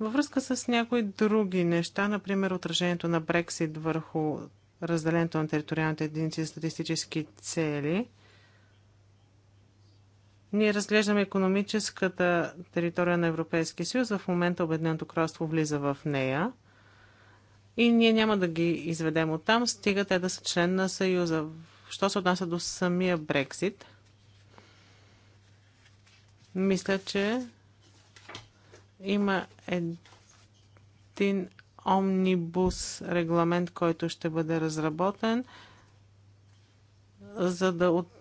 Във връзка с някои други неща, например отражението на Брексит върху разделението на териториалните единици за статистически цели – ние разглеждаме економическата територия на Европейския съюз. В момента Обединеното кралство влиза в нея. И ние няма да ги изведем от там, стига те да са член на Съюза. Що се отнася до самия Брексит, мисля, че има един омнибус регламент, който ще бъде разработен, за да от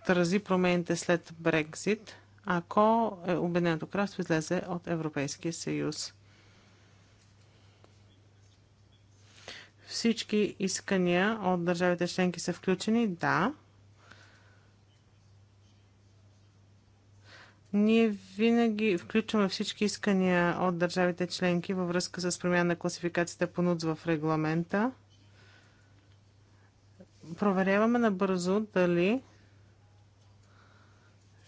отрази промените след Брекзит, ако е, Обединеното кралство излезе от Европейския съюз. Всички искания от държавите членки са включени? Да. Ние винаги включваме всички искания от държавите членки във връзка с промяна на класификацията по нуц в регламента. Проверяваме набързо дали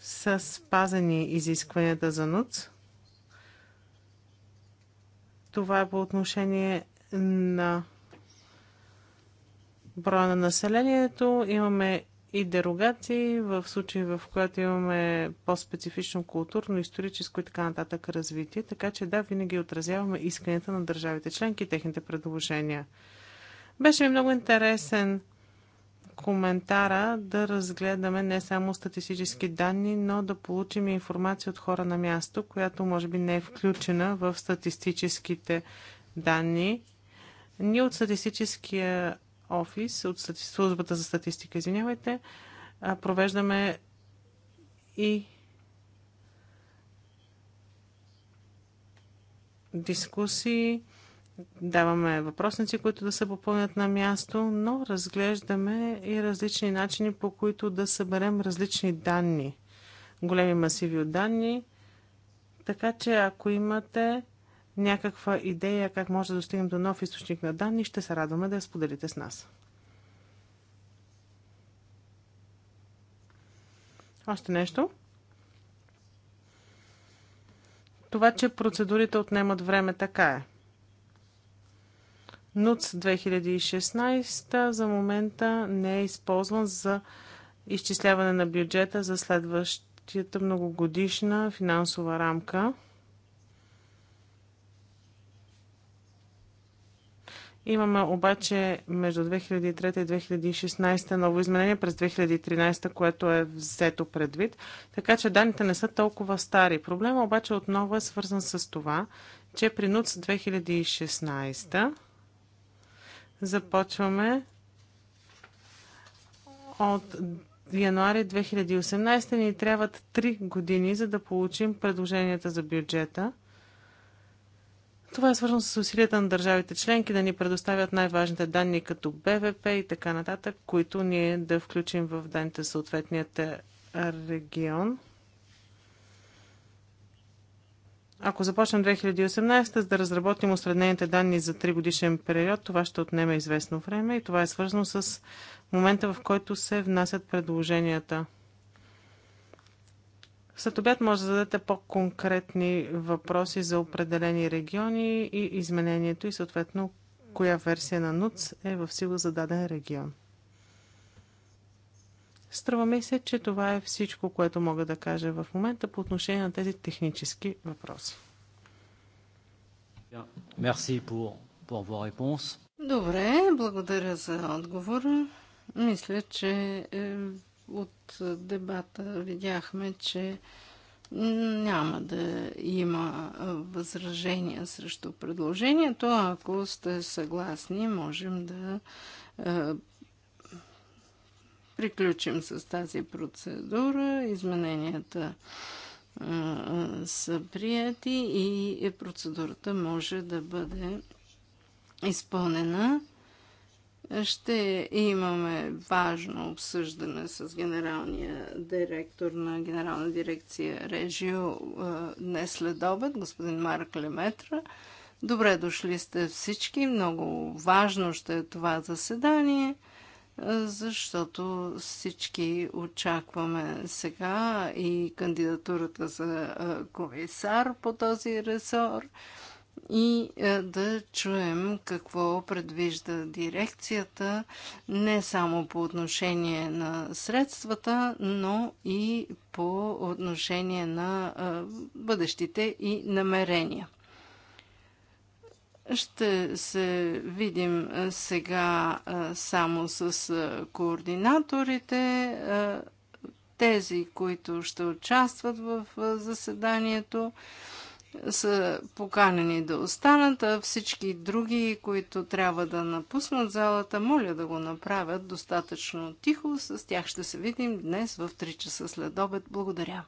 са спазени изискванията за НУЦ. Това е по отношение на броя на населението. Имаме и дерогации в случаи, в които имаме по-специфично културно, историческо и така нататък развитие. Така че да, винаги отразяваме исканията на държавите членки и техните предложения. Беше ми много интересен коментара да разгледаме не само статистически данни, но да получим информация от хора на място, която може би не е включена в статистическите данни. Ние от статистическия офис, от службата за статистика, извинявайте, провеждаме и дискусии даваме въпросници, които да се попълнят на място, но разглеждаме и различни начини, по които да съберем различни данни, големи масиви от данни. Така че ако имате някаква идея как може да достигнем до нов източник на данни, ще се радваме да я споделите с нас. Още нещо? Това, че процедурите отнемат време, така е. НУЦ 2016 за момента не е използван за изчисляване на бюджета за следващата многогодишна финансова рамка. Имаме обаче между 2003 и 2016 ново изменение през 2013, което е взето предвид. Така че данните не са толкова стари. Проблема обаче отново е свързан с това, че при НУЦ 2016 Започваме от януари 2018 ни трябват 3 години, за да получим предложенията за бюджета. Това е свързано с усилията на държавите членки да ни предоставят най-важните данни като БВП и така нататък, които ние да включим в данните съответният регион. Ако започнем 2018 за да разработим осреднените данни за 3 годишен период, това ще отнеме известно време и това е свързано с момента, в който се внасят предложенията. След обяд може да зададете по-конкретни въпроси за определени региони и изменението и съответно коя версия на НУЦ е в сила за даден регион. Струва ми се, че това е всичко, което мога да кажа в момента по отношение на тези технически въпроси. Добре, благодаря за отговора. Мисля, че е, от дебата видяхме, че няма да има е, възражения срещу предложението. Ако сте съгласни, можем да е, приключим с тази процедура. Измененията са прияти и процедурата може да бъде изпълнена. Ще имаме важно обсъждане с генералния директор на Генерална дирекция Режио днес след обед, господин Марк Леметра. Добре дошли сте всички. Много важно ще е това заседание защото всички очакваме сега и кандидатурата за комисар по този ресор и да чуем какво предвижда дирекцията не само по отношение на средствата, но и по отношение на бъдещите и намерения. Ще се видим сега само с координаторите, тези, които ще участват в заседанието са поканени да останат, а всички други, които трябва да напуснат залата, моля да го направят достатъчно тихо. С тях ще се видим днес в 3 часа след обед. Благодаря.